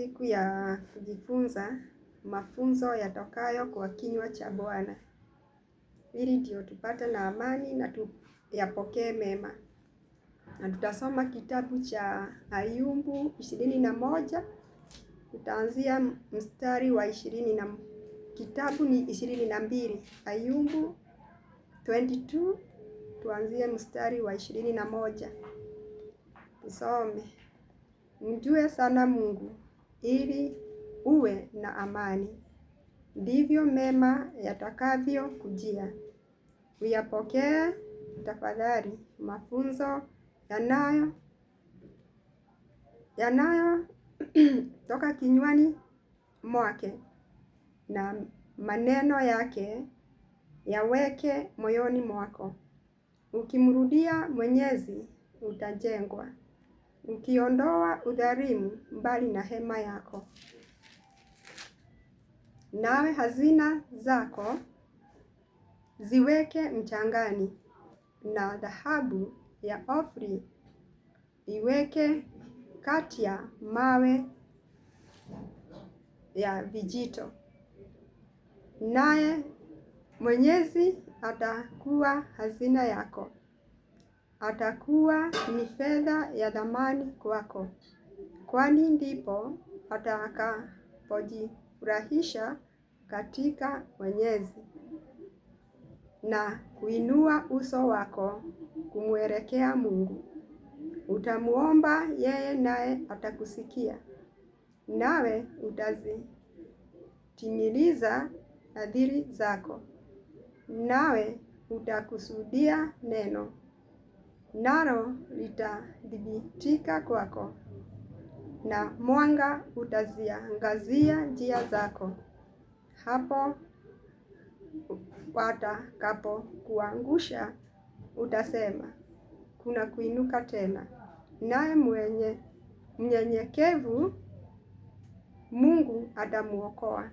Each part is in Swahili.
siku ya kujifunza mafunzo yatokayo kwa kinywa cha Bwana ili ndio tupate na amani na tuyapokee mema, na tutasoma kitabu cha Ayubu ishirini na moja tutaanzia mstari wa ishirini na kitabu ni ishirini na mbili Ayubu 22 tuanzie mstari wa ishirini na moja tusome. Mjue sana Mungu ili uwe na amani, ndivyo mema yatakavyo kujia Uyapokee tafadhali mafunzo yanayo yanayo toka kinywani mwake na maneno yake yaweke moyoni mwako. Ukimrudia Mwenyezi utajengwa ukiondoa udhalimu mbali na hema yako, nawe hazina zako ziweke mchangani, na dhahabu ya ofri iweke kati ya mawe ya vijito, naye Mwenyezi atakuwa hazina yako atakuwa ni fedha ya thamani kwako, kwani ndipo atakapojifurahisha katika Mwenyezi na kuinua uso wako kumwelekea Mungu. Utamwomba yeye, naye atakusikia, nawe utazitimiliza nadhiri zako, nawe utakusudia neno nalo litathibitika kwako, na mwanga utaziangazia njia zako. Hapo watakapokuangusha utasema, kuna kuinuka tena. Naye mwenye mnyenyekevu Mungu atamuokoa,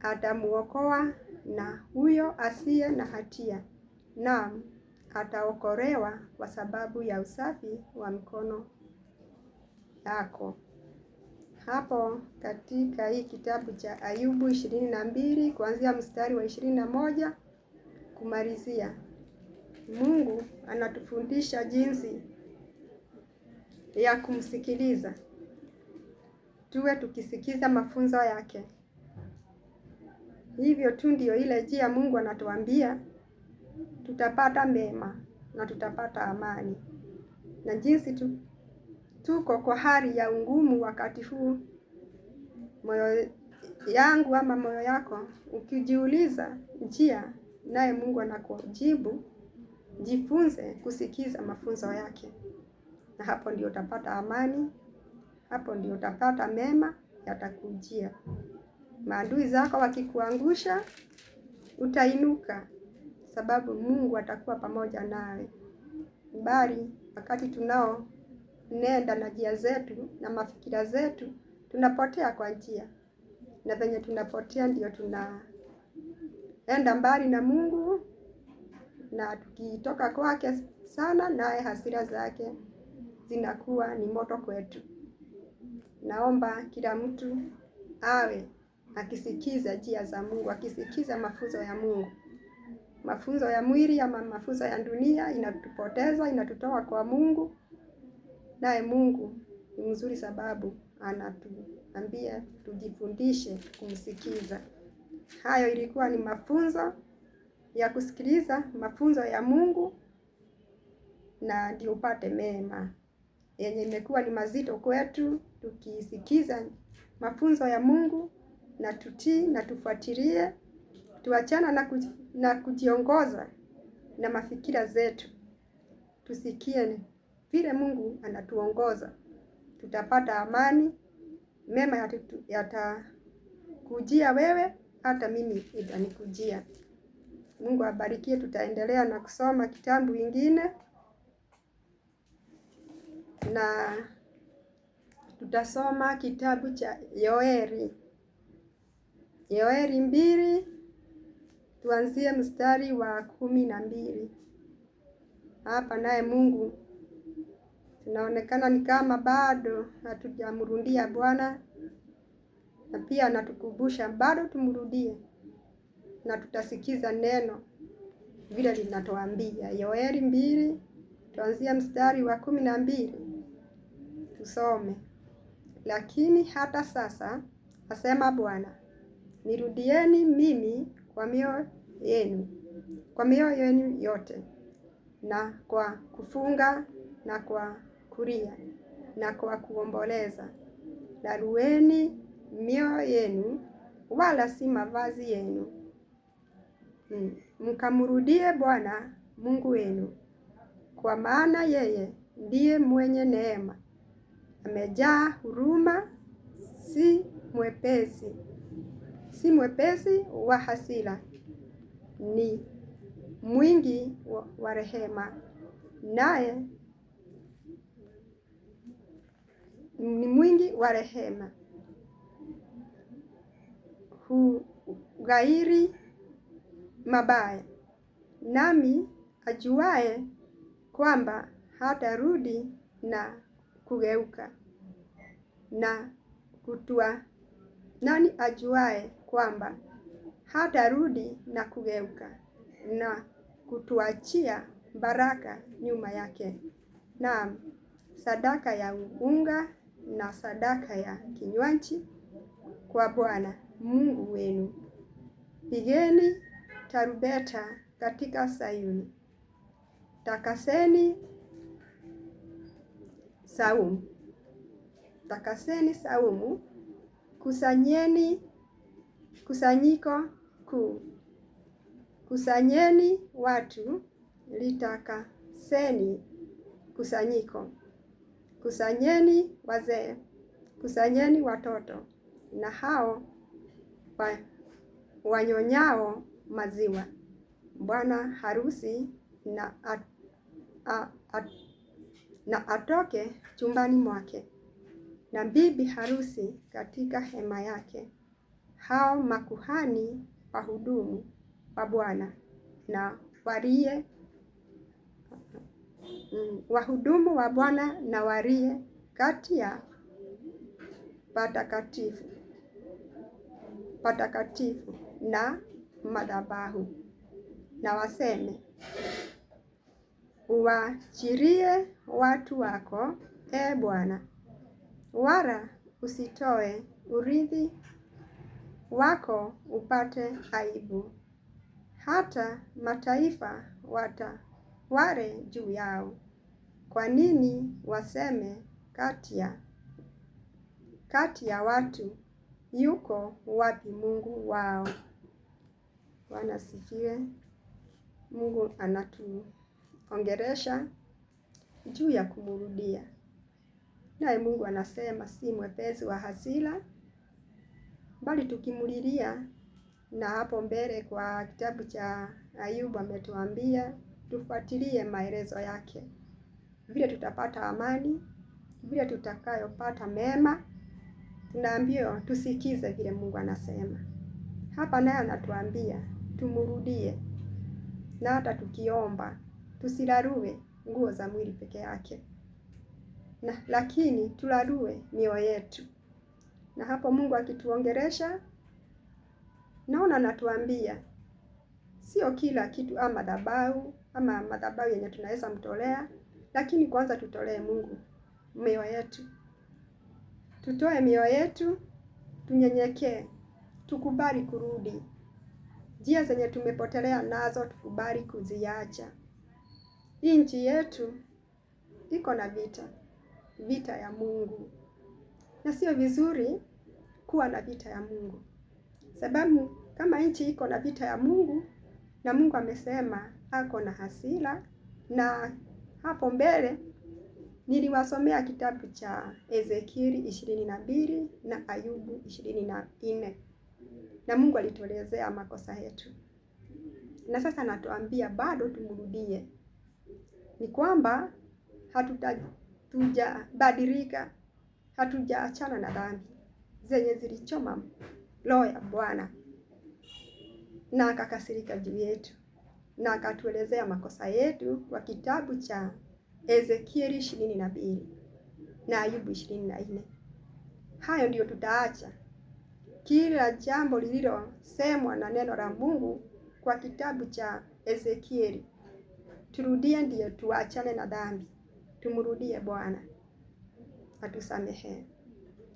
atamuokoa na huyo asiye na hatia. Naam ataokolewa kwa sababu ya usafi wa mkono yako. Hapo katika hii kitabu cha Ayubu ishirini na mbili kuanzia mstari wa ishirini na moja kumalizia, Mungu anatufundisha jinsi ya kumsikiliza, tuwe tukisikiza mafunzo yake. Hivyo tu ndio ile njia Mungu anatuambia tutapata mema na tutapata amani. Na jinsi tu, tuko kwa hali ya ungumu wakati huu, moyo yangu ama moyo yako ukijiuliza njia, naye Mungu anakujibu, jifunze kusikiza mafunzo yake, na hapo ndio utapata amani, hapo ndio utapata mema yatakujia. Maadui zako wakikuangusha, utainuka sababu Mungu atakuwa pamoja nawe. Bali wakati tunao nenda na njia zetu na mafikira zetu, tunapotea kwa njia, na venye tunapotea ndio tunaenda mbali na Mungu, na tukitoka kwake sana, naye hasira zake zinakuwa ni moto kwetu. Naomba kila mtu awe akisikiza njia za Mungu, akisikiza mafunzo ya Mungu mafunzo ya mwili ama mafunzo ya dunia inatupoteza, inatutoa kwa Mungu. Naye Mungu ni mzuri, sababu anatuambia tujifundishe kumsikiza. Hayo ilikuwa ni mafunzo ya kusikiliza mafunzo ya Mungu na ndio upate mema yenye imekuwa ni mazito kwetu. Tukisikiza mafunzo ya Mungu na tutii na tufuatilie tuachana na, kuj, na kujiongoza na mafikira zetu, tusikie vile Mungu anatuongoza. Tutapata amani, mema yatakujia wewe, hata mimi itanikujia. Mungu abarikie. Tutaendelea na kusoma kitabu kingine na tutasoma kitabu cha Yoeli Yoeli mbili tuanzie mstari wa kumi na mbili. Hapa naye Mungu tunaonekana ni kama bado hatujamrudia Bwana, na pia anatukumbusha bado tumrudie, na tutasikiza neno vile linatuambia. Yoeli mbili tuanzia mstari wa kumi na mbili tusome. Lakini hata sasa asema Bwana, nirudieni mimi kwa mioyo yenu kwa mioyo yenu yote na kwa kufunga na kwa kulia na kwa kuomboleza. Darueni mioyo yenu, wala si mavazi yenu, mm, mkamrudie Bwana Mungu wenu, kwa maana yeye ndiye mwenye neema, amejaa huruma, si mwepesi si mwepesi wa hasira ni mwingi wa rehema, naye ni mwingi wa rehema, hughairi mabaya, nami ajuaye kwamba hatarudi na kugeuka na kutua. Nani ajuaye kwamba hatarudi na kugeuka na kutuachia baraka nyuma yake. Naam, sadaka ya unga na sadaka ya kinywaji kwa Bwana Mungu wenu. Pigeni tarubeta katika Sayuni, takaseni saumu, takaseni saumu, kusanyeni kusanyiko kuu. Kusanyeni watu, litakaseni kusanyiko. Kusanyeni wazee, kusanyeni watoto na hao wa, wanyonyao maziwa. Bwana harusi na, at, a, at, na atoke chumbani mwake na bibi harusi katika hema yake. Hao makuhani wahudumu wa Bwana na warie mm, wahudumu wa Bwana na warie kati ya patakatifu patakatifu na madhabahu, na waseme, uwachirie watu wako, e Bwana, wala usitoe urithi wako upate aibu, hata mataifa watawale juu yao. Kwa nini waseme kati ya kati ya watu yuko wapi Mungu wao? Bwana asifiwe. Mungu anatuongeresha juu ya kumrudia, naye Mungu anasema si mwepesi wa hasira bali tukimulilia na hapo mbele kwa kitabu cha Ayubu ametuambia tufuatilie maelezo yake, vile tutapata amani, vile tutakayopata mema. Tunaambiwa tusikize vile Mungu anasema. Hapa naye anatuambia tumurudie na hata tukiomba tusilarue nguo za mwili peke yake na lakini turarue mioyo yetu na hapo Mungu akituongeresha, naona anatuambia sio kila kitu ama madhabahu ama madhabahu yenye tunaweza mtolea, lakini kwanza tutolee Mungu mioyo yetu, tutoe mioyo yetu, tunyenyekee, tukubali kurudi njia zenye tumepotelea nazo, tukubali kuziacha. Hii nchi yetu iko na vita, vita ya Mungu na sio vizuri kuwa na vita ya Mungu, sababu kama nchi iko na vita ya Mungu na Mungu amesema ako na hasira. Na hapo mbele niliwasomea kitabu cha Ezekieli ishirini na mbili na Ayubu ishirini na nne na Mungu alituelezea makosa yetu, na sasa natuambia bado tumrudie, ni kwamba hatuta hatujaachana na dhambi zenye zilichoma roho ya Bwana na akakasirika juu yetu na akatuelezea makosa yetu kwa kitabu cha Ezekieli ishirini na mbili na Ayubu ishirini na nne. Hayo ndiyo tutaacha kila jambo lililosemwa na neno la Mungu kwa kitabu cha Ezekieli. Turudie ndiyo tuachane na dhambi, tumrudie Bwana atusamehe,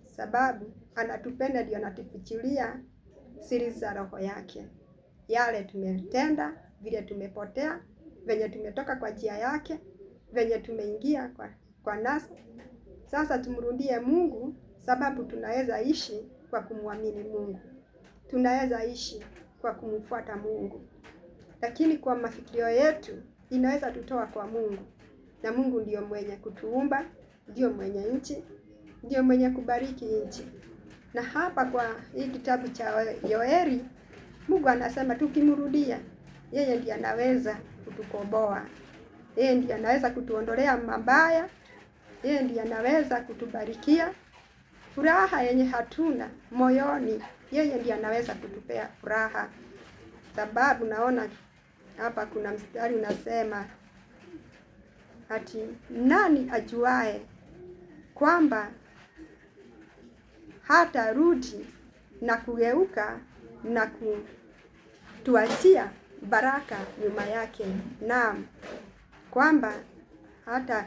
sababu anatupenda, ndio anatufichilia siri za roho yake, yale tumetenda, vile tumepotea, venye tumetoka kwa njia yake, venye tumeingia kwa, kwa nasi. Sasa tumrudie Mungu, sababu tunaweza ishi kwa kumwamini Mungu, tunaweza ishi kwa kumfuata Mungu, lakini kwa mafikirio yetu inaweza tutoa kwa Mungu, na Mungu ndiyo mwenye kutuumba ndio mwenye nchi, ndio mwenye kubariki nchi. Na hapa kwa hii kitabu cha Yoeli, Mungu anasema tukimrudia yeye ndiye anaweza kutukomboa, yeye ndiye anaweza kutuondolea mabaya, yeye ndiye anaweza kutubarikia furaha yenye hatuna moyoni, yeye ndiye anaweza kutupea furaha. Sababu naona hapa kuna mstari unasema ati nani ajuae kwamba hatarudi na kugeuka na kutuachia baraka nyuma yake, naam, kwamba hata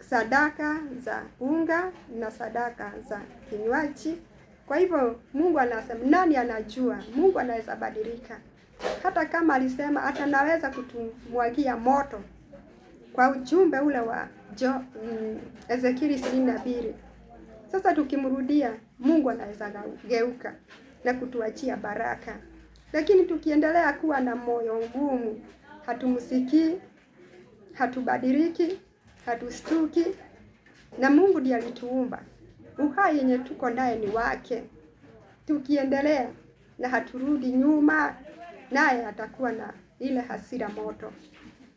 sadaka za unga na sadaka za kinywaji. Kwa hivyo Mungu anasema, nani anajua? Mungu anaweza badilika. Hata kama alisema hata naweza kutumwagia moto, kwa ujumbe ule wa jo mm, Ezekieli ishirini na mbili. Sasa tukimrudia Mungu anaweza geuka na kutuachia baraka, lakini tukiendelea kuwa na moyo ngumu hatumsikii, hatubadiliki, hatustuki, na Mungu ndiye alituumba. Uhai yenye tuko naye ni wake. Tukiendelea na haturudi nyuma, naye atakuwa na ile hasira moto.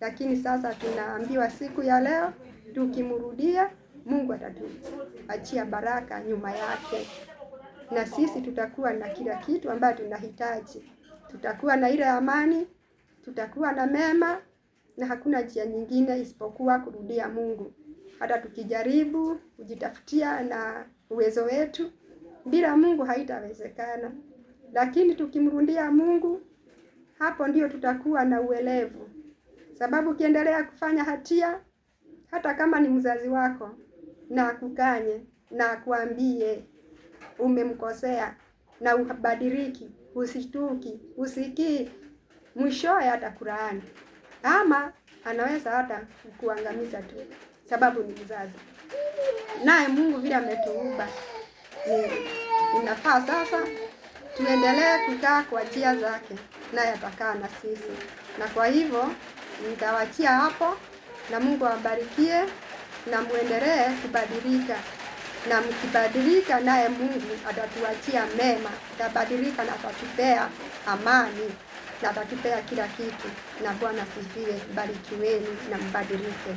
Lakini sasa tunaambiwa siku ya leo Tukimrudia Mungu atatuachia baraka nyuma yake, na sisi tutakuwa na kila kitu ambayo tunahitaji. Tutakuwa na ile amani, tutakuwa na mema, na hakuna njia nyingine isipokuwa kurudia Mungu. Hata tukijaribu kujitafutia na uwezo wetu, bila Mungu haitawezekana, lakini tukimrudia Mungu, hapo ndio tutakuwa na uelevu, sababu ukiendelea kufanya hatia hata kama ni mzazi wako, na akukanye na akuambie umemkosea na ubadiriki usituki, usikii, hata kurani ama anaweza hata kuangamiza tu, sababu ni mzazi. Naye Mungu vile ametuumba inafaa sasa tuendelee kukaa kwa njia zake, naye atakaa na sisi, na kwa hivyo nitawachia hapo na Mungu awabarikie na muendelee kubadilika, na mkibadilika, naye Mungu atatuachia mema, atabadilika na atatupea amani na atatupea kila kitu. Na Bwana sifiwe. Barikiweni na mbadilike.